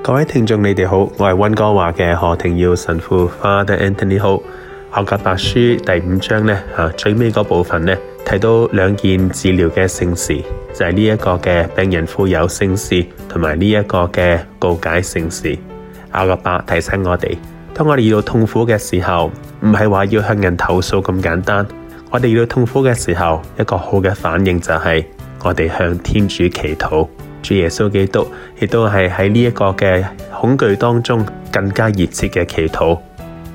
各位聽眾，你哋好，我係溫哥華嘅何庭耀神父 Father Anthony。好，《雅各伯書》第五章呢、啊，最尾嗰部分呢，睇到兩件治療嘅聖事，就係呢一個嘅病人傅油聖事，同埋呢一個嘅告解聖事。雅各伯提醒我哋，當我哋遇到痛苦嘅時候，唔係話要向人投訴咁簡單，我哋遇到痛苦嘅時候，一個好嘅反應就係我哋向天主祈禱。主耶穌基督亦都係喺呢一個嘅恐懼當中，更加熱切嘅祈禱。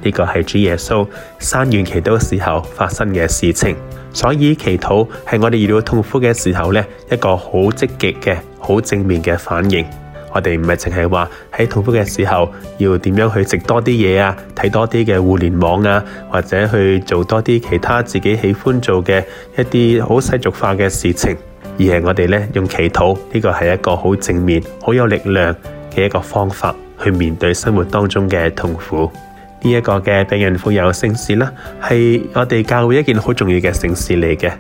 呢、這個是主耶穌山園祈禱時候發生嘅事情。所以祈禱係我哋遇到痛苦嘅時候呢一個好積極嘅、好正面嘅反應。我哋唔係淨係話喺痛苦嘅時候要點樣去食多啲嘢啊，睇多啲嘅互聯網啊，或者去做多啲其他自己喜歡做嘅一啲好世俗化嘅事情。而係我哋用祈禱呢個係一個好正面、好有力量嘅一個方法去面對生活當中嘅痛苦。呢、這、一個嘅病人傅油聖事係我哋教會一件好重要嘅聖事嚟嘅。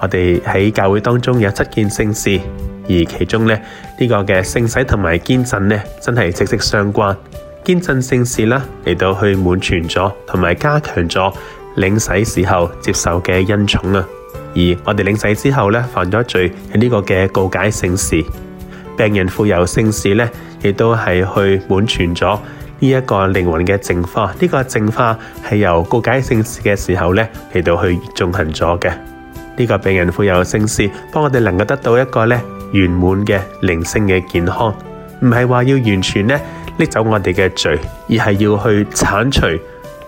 我哋喺教會當中有七件聖事，而其中咧呢、這個嘅聖洗同埋堅振呢，真係息息相關。堅振聖事呢嚟到去滿全咗，同埋加強咗領洗時候接受嘅恩寵啊！而我哋領洗之後咧，犯咗罪，係呢個嘅告解聖事。病人傅油聖事咧，亦都係去滿全咗呢一個靈魂嘅淨化。呢、這個淨化係由告解聖事嘅時候咧，嚟到去進行咗嘅。呢、這個病人傅油聖事，幫我哋能夠得到一個咧圓滿嘅靈性嘅健康，唔係話要完全咧拎走我哋嘅罪，而係要去鏟除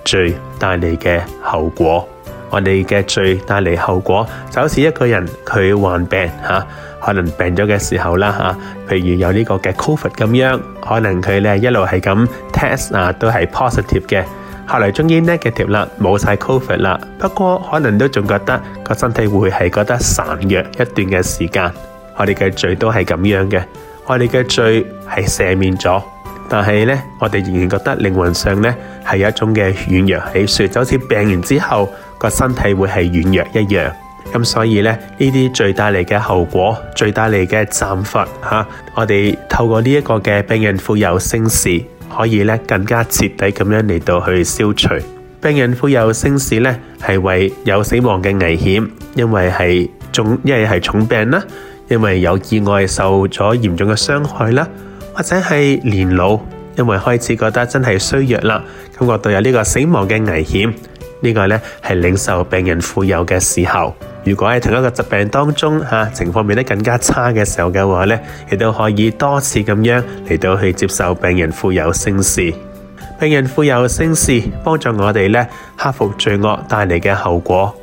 罪帶嚟嘅後果。我哋嘅罪帶嚟後果就好似一個人佢患病嚇，可能病咗嘅時候啦嚇，譬如有呢個嘅 Covid 咁樣，可能佢呢一路係咁 test 啊，都係 positive 嘅，後來終於 negative 啦，冇曬 Covid 啦。不過可能都仲覺得個身體會係覺得孱弱一段嘅時間。我哋嘅罪都係咁樣嘅，我哋嘅罪係赦免咗，但係呢我哋仍然覺得靈魂上呢係有一種嘅軟弱起衰，就好似病完之後，個身體會係軟弱一樣，咁所以咧呢啲最帶嚟嘅後果、最帶嚟嘅暫罰吓，我哋透過呢一個嘅病人傅油聖事，可以咧更加徹底咁樣嚟到去消除。病人傅油聖事咧，係為有死亡嘅危險，因為係重，因為係重病啦，因為有意外受咗嚴重嘅傷害啦，或者係年老，因為開始覺得真係衰弱啦，感覺到有呢個死亡嘅危險。這個呢個咧係領受病人傅油嘅時候，如果喺同一個疾病當中嚇、啊、情況變得更加差嘅時候嘅話咧，亦都可以多次咁樣嚟到去接受病人傅油聖事。病人傅油聖事幫助我哋咧克服罪惡帶嚟嘅後果。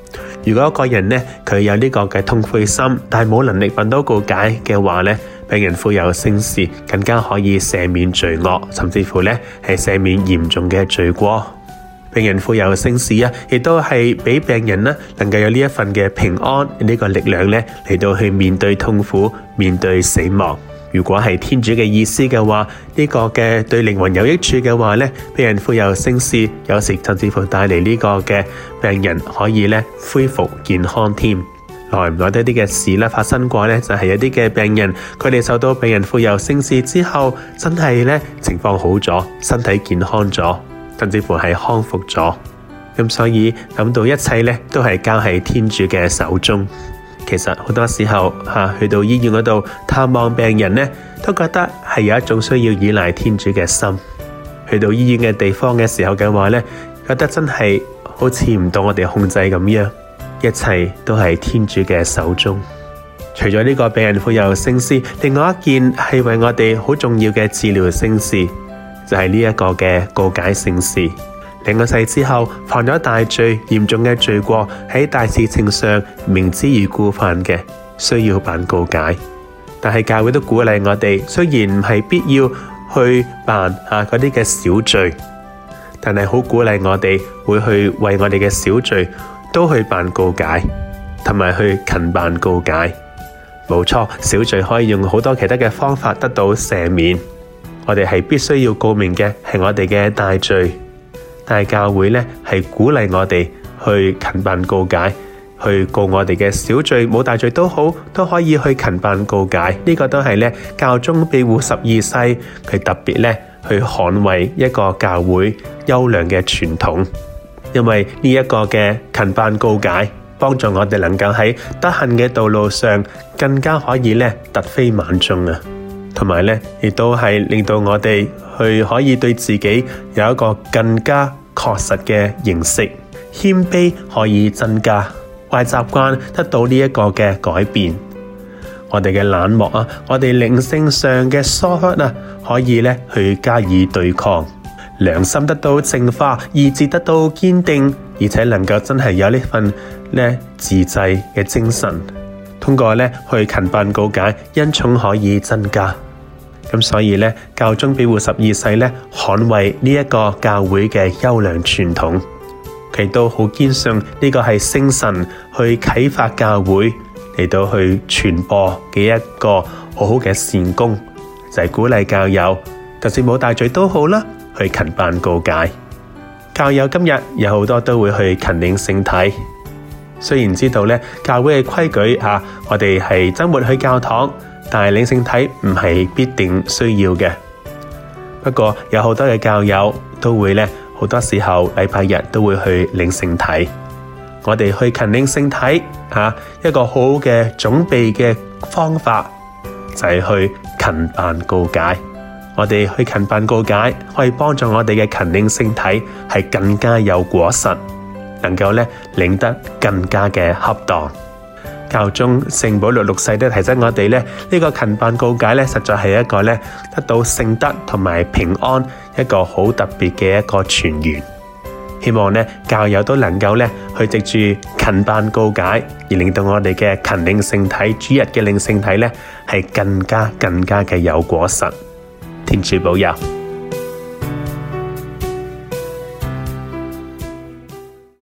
如果一個人咧，佢有呢個嘅痛悔心，但係冇能力揾到告解嘅話咧，病人傅油聖事更加可以赦免罪惡，甚至乎咧係赦免嚴重嘅罪過。病人傅油聖事啊，亦都係俾病人能夠有呢一份嘅平安呢個力量咧嚟到去面對痛苦、面對死亡。如果係天主嘅意思嘅話，呢個嘅對靈魂有益處嘅話呢病人傅油聖事有時甚至乎帶嚟呢個嘅病人可以恢復健康添。來唔來得啲嘅事發生過呢就係有啲嘅病人，佢哋受到病人傅油聖事之後，真係情況好咗，身體健康咗。甚至乎係康復咗，咁所以感到一切咧都係交喺天主嘅手中。其實好多時候吓去到醫院嗰度探望病人咧，都覺得係有一種需要依賴天主嘅心。去到醫院嘅地方嘅時候嘅話咧，覺得真係好似唔到我哋控制咁樣，一切都係天主嘅手中。除咗呢個病人傅油聖事，另外一件係為我哋好重要嘅治療聖事。就係呢一個嘅告解聖事。兩個世之後犯咗大罪、嚴重嘅罪過，喺大事情上明知而故犯嘅，需要辦告解。但係教會都鼓勵我哋，雖然唔係必要去辦吓嗰啲嘅小罪，但係好鼓勵我哋會去為我哋嘅小罪都去辦告解，同埋去勤辦告解。冇錯，小罪可以用好多其他嘅方法得到赦免。我哋係必須要告明嘅，係我哋嘅大罪。大教會咧係鼓勵我哋去勤辦告解，去告我哋嘅小罪，冇大罪都好，都可以去勤辦告解。呢個都係咧教宗庇護十二世佢特別咧去捍衛一個教會優良嘅傳統，因為呢一個嘅勤辦告解，幫助我哋能夠喺德行嘅道路上，更加可以咧突飛猛進啊！同埋呢，亦都係令到我哋去可以對自己有一個更加確實嘅認識，謙卑可以增加，壞習慣得到呢一個嘅改變，我哋嘅冷漠啊，我哋靈性上嘅疏忽啊，可以呢去加以對抗，良心得到淨化，意志得到堅定，而且能夠真係有呢份呢自制嘅精神。通過咧去勤辦告解，恩寵可以增加。咁所以呢，教宗庇護十二世呢，捍衞呢一個教會嘅優良傳統，佢都好堅信呢個係聖神去啟發教會嚟到去傳播嘅一個好好嘅善功，就係鼓勵教友，就算冇大罪都好啦，去勤辦告解。教友今日有好多都會去勤領聖體。雖然知道呢教會嘅規矩，啊、我哋係周末去教堂，但係領聖體唔係必定需要嘅。不過有好多嘅教友都會呢，好多時候禮拜日都會去領聖體。我哋去勤領聖體，啊，一個好嘅準備嘅方法就係去勤辦告解。我哋去勤辦告解，可以幫助我哋嘅勤領聖體係更加有果實。能夠咧，領得更加嘅恰當。教宗聖保祿六,六世都提醒我哋呢、這個勤辦告解咧，實在係一個咧，得到聖德同埋平安一個好特別嘅一個泉源。希望咧，教友都能夠咧，去藉住勤辦告解，而令到我哋嘅勤領聖體主日嘅領聖體咧，係更加更加嘅有果實。天主保佑。